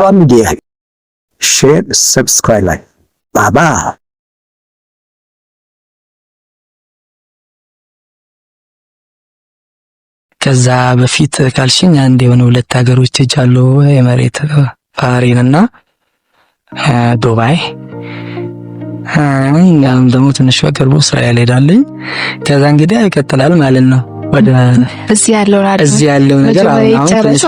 Media. Share, subscribe, like. Bye bye. ከዛ በፊት ካልሽኝ አንድ የሆነ ሁለት ሀገሮች ሄጃለሁ የመሬት ባህሬን ዱባይ አሁን ደግሞ ትንሽ በቅርቡ እስራኤል ሄዳለኝ። ከዛ እንግዲህ ይቀጥላል ማለት ነው። ወደ እዚህ ያለው ነገር እዚህ ያለው ነገር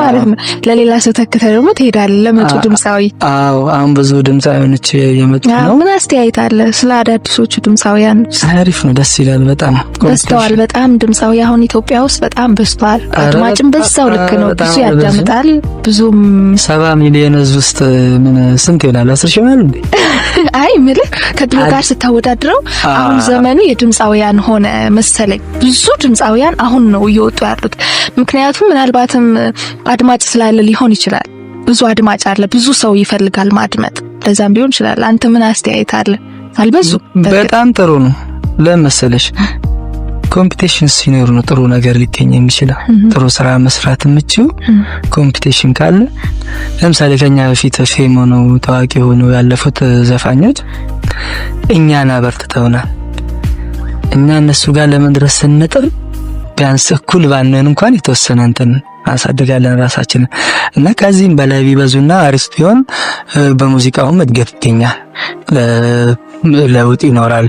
አሁን ለሌላ ሰው ተክተ ደግሞ ትሄዳለህ። ለመጡ ድምፃዊ አዎ፣ አሁን ብዙ ድምፃዊያኖች የመጡ ነው። ምን አስተያየት አለ ስለ አዳዲሶቹ ድምፃዊያን? አሪፍ ነው፣ ደስ ይላል። በጣም በዝተዋል። በጣም ድምፃዊ አሁን ኢትዮጵያ ውስጥ በጣም በዝተዋል። አድማጭም በዛው ልክ ነው። ብዙ ያዳምጣል። ብዙም ሰባ ሚሊዮን ህዝብ ውስጥ ምን ስንት ይሆናል? አስር ሺህ ይሆናል እንዴ? አይ ምልህ ከድሮ ጋር ስታወዳድረው አሁን ዘመኑ የድምፃውያን ሆነ መሰለኝ። ብዙ ድምፃውያን አሁን ነው እየወጡ ያሉት። ምክንያቱም ምናልባትም አድማጭ ስላለ ሊሆን ይችላል። ብዙ አድማጭ አለ፣ ብዙ ሰው ይፈልጋል ማድመጥ። ለዛም ሊሆን ይችላል። አንተ ምን አስተያየት አለ? አልበዙ? በጣም ጥሩ ነው መሰለሽ ኮምፒቴሽን ሲኖር ነው ጥሩ ነገር ሊገኝ የሚችለው። ጥሩ ስራ መስራት የምችው ኮምፒቴሽን ካለ፣ ለምሳሌ ከኛ በፊት ፌም ሆነው ታዋቂ ሆኖ ያለፉት ዘፋኞች እኛን አበርትተውናል። እኛ እነሱ ጋር ለመድረስ ስንጥር ቢያንስ እኩል ባንን እንኳን የተወሰነ እንትን እናሳድጋለን ራሳችን እና ከዚህም በላይ ቢበዙና አሪፍ ቢሆን በሙዚቃውም እድገት ይገኛል፣ ለውጥ ይኖራል።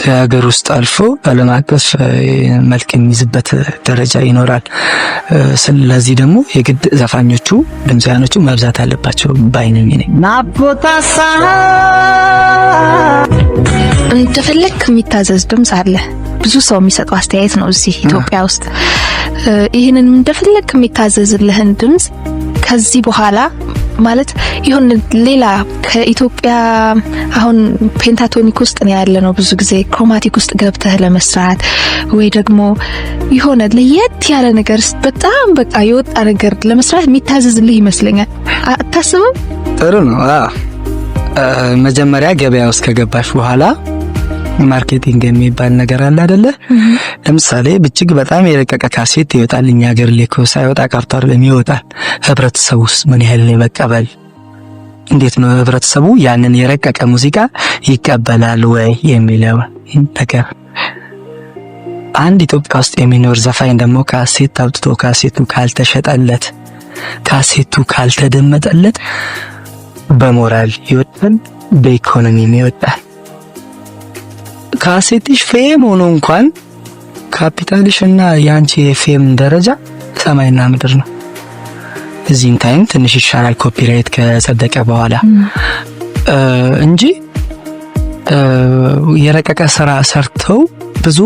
ከሀገር ውስጥ አልፎ ዓለም አቀፍ መልክ የሚይዝበት ደረጃ ይኖራል። ስለዚህ ደግሞ የግድ ዘፋኞቹ ድምፃያኖቹ መብዛት አለባቸው ባይነኝ ነኝ። እንደፈለክ የሚታዘዝ ድምፅ አለ ብዙ ሰው የሚሰጠው አስተያየት ነው እዚህ ኢትዮጵያ ውስጥ ይህንን እንደፈለግ የሚታዘዝልህን ድምፅ ከዚህ በኋላ ማለት ይሁን ሌላ ከኢትዮጵያ አሁን ፔንታቶኒክ ውስጥ ነው ያለ ነው። ብዙ ጊዜ ክሮማቲክ ውስጥ ገብተህ ለመስራት ወይ ደግሞ የሆነ ለየት ያለ ነገር በጣም በቃ የወጣ ነገር ለመስራት የሚታዘዝልህ ይመስለኛል። አታስብም? ጥሩ ነው። መጀመሪያ ገበያ ውስጥ ከገባሽ በኋላ ማርኬቲንግ የሚባል ነገር አለ አይደለ? ለምሳሌ እጅግ በጣም የረቀቀ ካሴት ይወጣል። እኛ ሀገር ሌኮ ሳይወጣ ቀርቷል። ይወጣል። ውስጥ ምን ያህል ነው እንዴት ነው ህብረተሰቡ ያንን የረቀቀ ሙዚቃ ይቀበላል ወይ የሚለው ነገር አንድ ኢትዮጵያ ውስጥ የሚኖር ዘፋኝ ደግሞ ካሴት አውጥቶ ካሴቱ ካልተሸጠለት ካሴቱ ካልተደመጠለት በሞራል ይወጣል፣ በኢኮኖሚም ይወጣል። ካሴትሽ ፌም ሆኖ እንኳን ካፒታልሽ እና የአንቺ የፌም ደረጃ ሰማይና ምድር ነው። እዚህን ታይም ትንሽ ይሻላል ኮፒራይት ከጸደቀ በኋላ እንጂ የረቀቀ ስራ ሰርተው ብዙ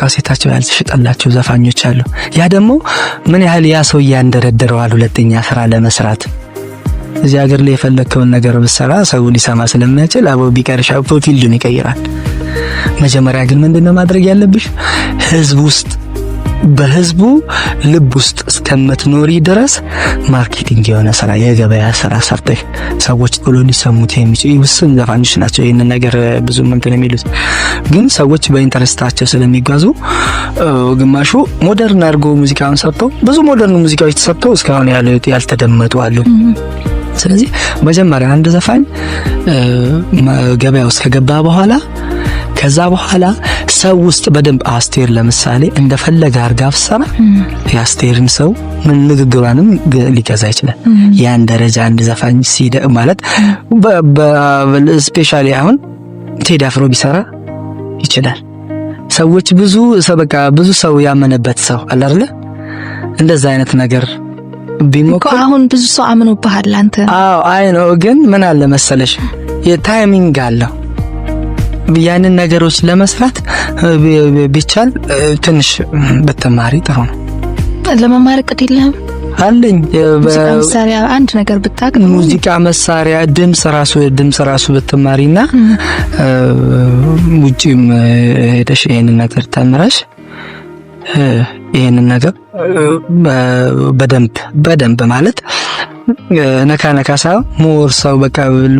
ካሴታቸው ያልተሸጠላቸው ዘፋኞች አሉ። ያ ደግሞ ምን ያህል ያ ሰው እያንደረደረዋል ሁለተኛ ስራ ለመስራት። እዚህ ሀገር ላይ የፈለግከውን ነገር ብሰራ ሰው ሊሰማ ስለማይችል አቦ ቢቀርሻ ፕሮፊልዱን ይቀይራል። መጀመሪያ ግን ምንድነው ማድረግ ያለብሽ? ህዝብ ውስጥ በህዝቡ ልብ ውስጥ እስከምትኖሪ ድረስ ማርኬቲንግ የሆነ ስራ፣ የገበያ ስራ ሰርተሽ ሰዎች ቶሎ እንዲሰሙት የሚችል ውስን ዘፋኞች ናቸው ይህንን ነገር ብዙ እንትን የሚሉት ግን ሰዎች በኢንተረስታቸው ስለሚጓዙ ግማሹ ሞደርን አድርጎ ሙዚቃውን ሰርቶ ብዙ ሞደርን ሙዚቃዎች ተሰርቶ እስካሁን ያሉት ያልተደመጡ አሉ። ስለዚህ መጀመሪያ አንድ ዘፋኝ ገበያ ውስጥ ከገባ በኋላ ከዛ በኋላ ሰው ውስጥ በደንብ አስቴር ለምሳሌ እንደፈለገ አርጋ ብሰራ የአስቴርን ሰው ምን ንግግሯንም ሊገዛ ይችላል። ያን ደረጃ አንድ ዘፋኝ ሲደ ማለት ስፔሻሊ አሁን ቴዲ አፍሮ ቢሰራ ይችላል። ሰዎች ብዙ በቃ ብዙ ሰው ያመነበት ሰው አለ አይደለ? እንደዛ አይነት ነገር ቢሞክር አሁን ብዙ ሰው አምኖብሃል አንተ። አዎ አይ ነው። ግን ምን አለ መሰለሽ የታይሚንግ አለው ያንን ነገሮች ለመስራት ቢቻል ትንሽ ብትማሪ ጥሩ ነው። ለመማር እቅድ የለህም? አለኝ። መሳሪያ አንድ ነገር ብታቅ ሙዚቃ መሳሪያ ድምጽ ራሱ ድምጽ ራሱ ብትማሪና ውጪም ሄደሽ ይሄንን ነገር ተምረሽ ይሄንን ነገር በደንብ በደንብ ማለት ነካ ነካ ሳይሆን ሞር ሰው በቃ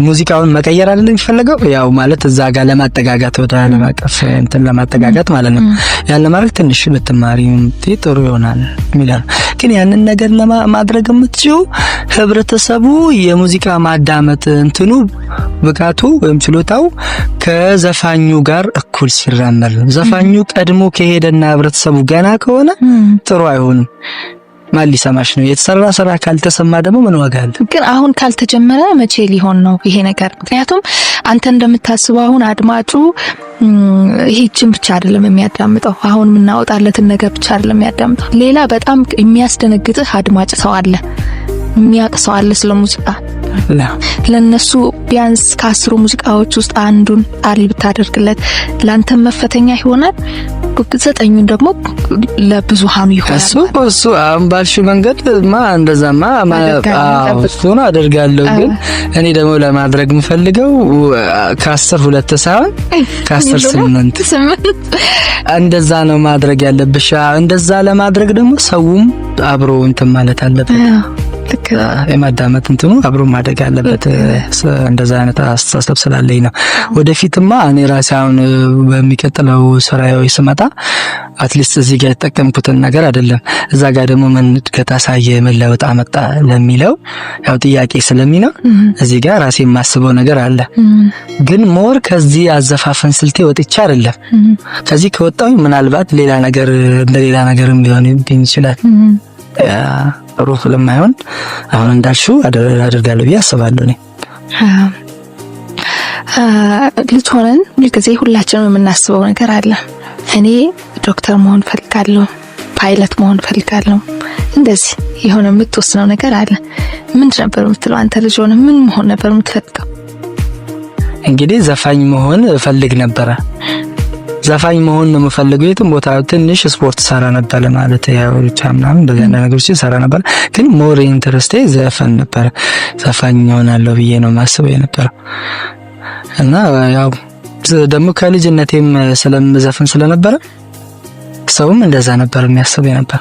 ሙዚቃውን መቀየር አለ የሚፈለገው ያው ማለት እዛ ጋር ለማጠጋጋት ወደ ዓለም አቀፍ እንትን ለማጠጋጋት ማለት ነው። ያን ለማድረግ ትንሽ ብትማሪ ጥሩ ይሆናል የሚላል ግን ያንን ነገር ለማድረግ የምትችው ህብረተሰቡ የሙዚቃ ማዳመጥ እንትኑ ብቃቱ ወይም ችሎታው ከዘፋኙ ጋር እኩል ሲራመድ ነው። ዘፋኙ ቀድሞ ከሄደና ህብረተሰቡ ገና ከሆነ ጥሩ አይሆንም። ማን ሊሰማሽ ነው? የተሰራ ስራ ካልተሰማ ደግሞ ምን ዋጋ አለ? ግን አሁን ካልተጀመረ መቼ ሊሆን ነው ይሄ ነገር? ምክንያቱም አንተ እንደምታስበው አሁን አድማጩ ይሄችን ብቻ አይደለም የሚያዳምጠው፣ አሁን የምናወጣለትን ነገር ብቻ አይደለም የሚያዳምጠው። ሌላ በጣም የሚያስደነግጥህ አድማጭ ሰው አለ፣ የሚያውቅ ሰው አለ ስለ ሙዚቃ ለነሱ ቢያንስ ከአስሩ ሙዚቃዎች ውስጥ አንዱን ጣል ብታደርግለት ለአንተም መፈተኛ ይሆናል፣ ዘጠኙን ደግሞ ለብዙሃኑ ይሆናል። እሱ እሱ አሁን ባልሽው መንገድማ እንደዛማ እሱን አደርጋለሁ። ግን እኔ ደግሞ ለማድረግ የምፈልገው ከአስር ሁለት ሳይሆን ከአስር ስምንት እንደዛ ነው ማድረግ ያለብሽ። እንደዛ ለማድረግ ደግሞ ሰውም አብሮ እንትን ማለት አለበት። የማዳመጥ እንትኑ አብሮ ማደግ አለበት። እንደዛ አይነት አስተሳሰብ ስላለኝ ነው። ወደፊትማ እኔ ራሴ አሁን በሚቀጥለው ስራዊ ስመጣ አትሊስት እዚህ ጋር የተጠቀምኩትን ነገር አይደለም እዛ ጋር ደግሞ ምን ከታሳየ ምን ለውጥ አመጣ ለሚለው ያው ጥያቄ ስለሚኖር እዚህ ጋር ራሴ የማስበው ነገር አለ። ግን ሞር ከዚህ አዘፋፈን ስልቴ ወጥቼ አይደለም። ከዚህ ከወጣሁ ምናልባት ሌላ ነገር እንደሌላ ነገርም ሊሆን ይችላል። ጥሩ ስለማይሆን አሁን እንዳልሽው አድርጋለሁ ብዬ አስባለሁ። እኔ ልጅ ሆነን ሁልጊዜ ሁላችንም የምናስበው ነገር አለ። እኔ ዶክተር መሆን ፈልጋለሁ፣ ፓይለት መሆን ፈልጋለሁ። እንደዚህ የሆነ የምትወስነው ነገር አለ። ምን ነበር የምትለው አንተ? ልጅ ሆነ ምን መሆን ነበር የምትፈልገው? እንግዲህ ዘፋኝ መሆን እፈልግ ነበረ ዘፋኝ መሆን ነው የምፈልገው። የትም ቦታ ትንሽ ስፖርት ሰራ ነበረ ማለት ያው ያወሩቻ ምናምን እንደዚህ አይነት ነገሮች ሰራ ነበረ፣ ግን ሞር ኢንትረስቴ ዘፈን ነበረ። ዘፋኝ እሆናለሁ ብዬ ነው ማስበው የነበረው እና ያው ደግሞ ከልጅነቴም ስለምዘፍን ስለነበረ ሰውም እንደዛ ነበር የሚያስብ የነበረ።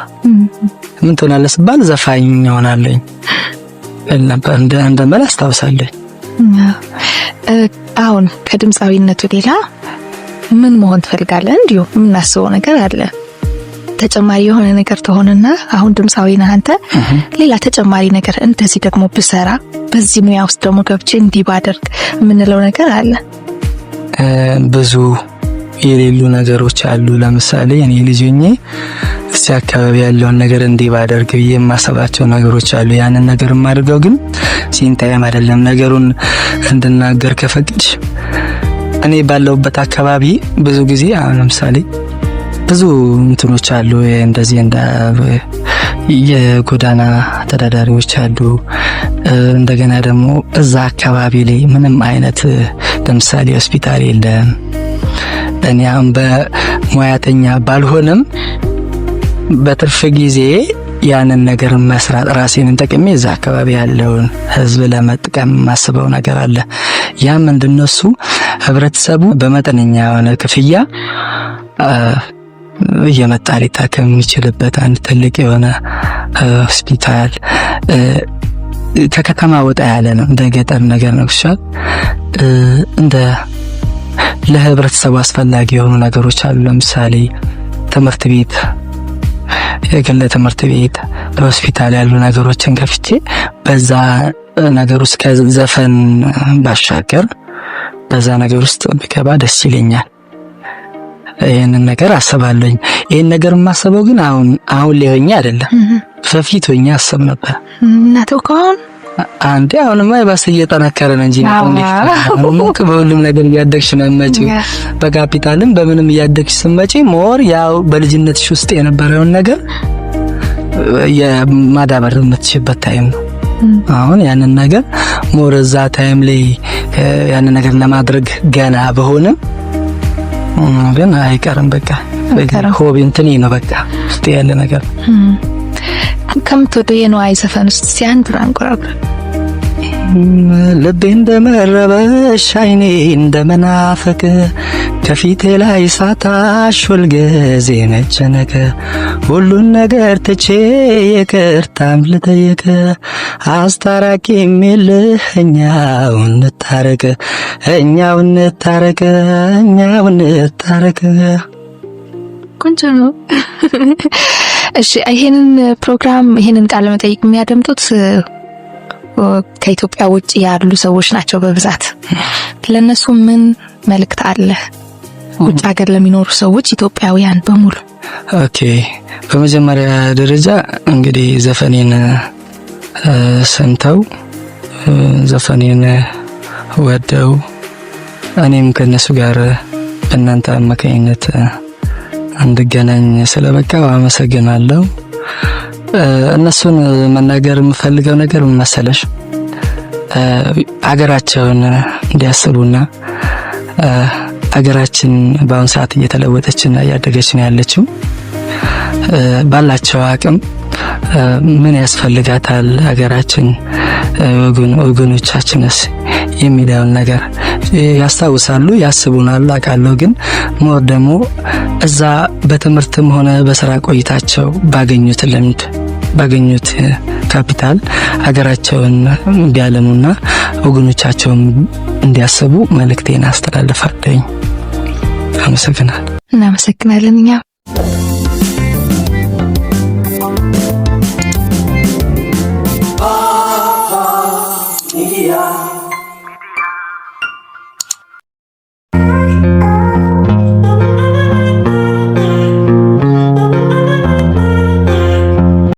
ምን ትሆናለህ ስባል ዘፋኝ እሆናለሁ ነበር እንደምል አስታውሳለሁ። አሁን ከድምፃዊነቱ ሌላ ምን መሆን ትፈልጋለህ? እንዲሁ የምናስበው ነገር አለ ተጨማሪ የሆነ ነገር ተሆንና አሁን ድምፃዊ ነህ አንተ። ሌላ ተጨማሪ ነገር እንደዚህ ደግሞ ብሰራ በዚህ ሙያ ውስጥ ደግሞ ገብቼ እንዲህ ባደርግ የምንለው ነገር አለ። ብዙ የሌሉ ነገሮች አሉ። ለምሳሌ እኔ ልጅ ሆኜ አካባቢ ያለውን ነገር እንዲህ ባደርግ ብዬ የማሰባቸው ነገሮች አሉ። ያንን ነገር የማደርገው ግን ሲንታይም አይደለም። ነገሩን እንድናገር ከፈቅድ እኔ ባለሁበት አካባቢ ብዙ ጊዜ አሁን ለምሳሌ ብዙ እንትኖች አሉ እንደዚህ እንደ የጎዳና ተዳዳሪዎች አሉ። እንደገና ደግሞ እዛ አካባቢ ላይ ምንም አይነት ለምሳሌ ሆስፒታል የለም። እኔ አሁን በሙያተኛ ባልሆንም በትርፍ ጊዜ ያንን ነገር መስራት ራሴን ጠቅሜ እዛ አካባቢ ያለውን ህዝብ ለመጥቀም ማስበው ነገር አለ። ያ ምንድነሱ ህብረተሰቡ በመጠነኛ የሆነ ክፍያ እየመጣ ሊታከም የሚችልበት አንድ ትልቅ የሆነ ሆስፒታል ከከተማ ወጣ ያለ ነው፣ እንደ ገጠር ነገር ነው ይሻል እንደ ለህብረተሰቡ አስፈላጊ የሆኑ ነገሮች አሉ። ለምሳሌ ትምህርት ቤት የግል ትምህርት ቤት፣ ለሆስፒታል ያሉ ነገሮችን ከፍቼ በዛ ነገር ውስጥ ከዘፈን ባሻገር በዛ ነገር ውስጥ ብገባ ደስ ይለኛል። ይህንን ነገር አስባለኝ። ይህን ነገር የማስበው ግን አሁን አሁን ላይ ሆኜ አይደለም፣ በፊት ሆኜ አስብ ነበር። አንዴ አሁንማ የባሰ እየጠነከረ ነው እንጂ ነው። በሁሉም ነገር እያደግሽ ነው የምትመጪው። በካፒታልም በምንም እያደግሽ ስትመጪ ሞር ያው በልጅነትሽ ውስጥ የነበረውን ነገር የማዳበር የምትችበት ታይም ነው። አሁን ያንን ነገር ሞር እዛ ታይም ላይ ያንን ነገር ለማድረግ ገና በሆንም ግን አይቀርም። በቃ ሆቢ እንትኔ ነው በቃ ውስጥ ያለ ነገር ከምትወደው የነዋይ ዘፈን ውስጥ ሲያን ብራን ቆራብራ ልቤ እንደመረበሽ አይኔ እንደመናፈቅ ከፊቴ ላይ ሳታሽ ሁልጊዜ መጨነቅ ሁሉን ነገር ትቼ ይቅርታም ልጠይቅ አስታራቂ የሚልህ እኛው እንታረቅ እኛው እንታረቅ እኛው እንታረቅ ቆንጆ ነው። እሺ ይሄንን ፕሮግራም ይሄንን ቃለ መጠይቅ የሚያደምጡት ከኢትዮጵያ ውጭ ያሉ ሰዎች ናቸው በብዛት። ለነሱ ምን መልእክት አለ? ውጭ ሀገር ለሚኖሩ ሰዎች ኢትዮጵያውያን በሙሉ። ኦኬ፣ በመጀመሪያ ደረጃ እንግዲህ ዘፈኔን ሰምተው ዘፈኔን ወደው እኔም ከነሱ ጋር በእናንተ አማካኝነት እንድገናኝ ስለበቃ አመሰግናለሁ። እነሱን መናገር የምፈልገው ነገር ምን መሰለሽ፣ አገራቸውን እንዲያስቡና አገራችን በአሁኑ ሰዓት እየተለወጠችና እያደገች ነው ያለችው። ባላቸው አቅም ምን ያስፈልጋታል አገራችን፣ ወገኖቻችንስ የሚለውን ነገር ያስታውሳሉ፣ ያስቡናል፣ አውቃለሁ። ግን ሞር ደግሞ እዛ በትምህርትም ሆነ በስራ ቆይታቸው ባገኙት ልምድ ባገኙት ካፒታል ሀገራቸውን እንዲያለሙና ወገኖቻቸውን እንዲያስቡ መልእክቴን አስተላልፋለኝ። አመሰግናል። እናመሰግናለን እኛም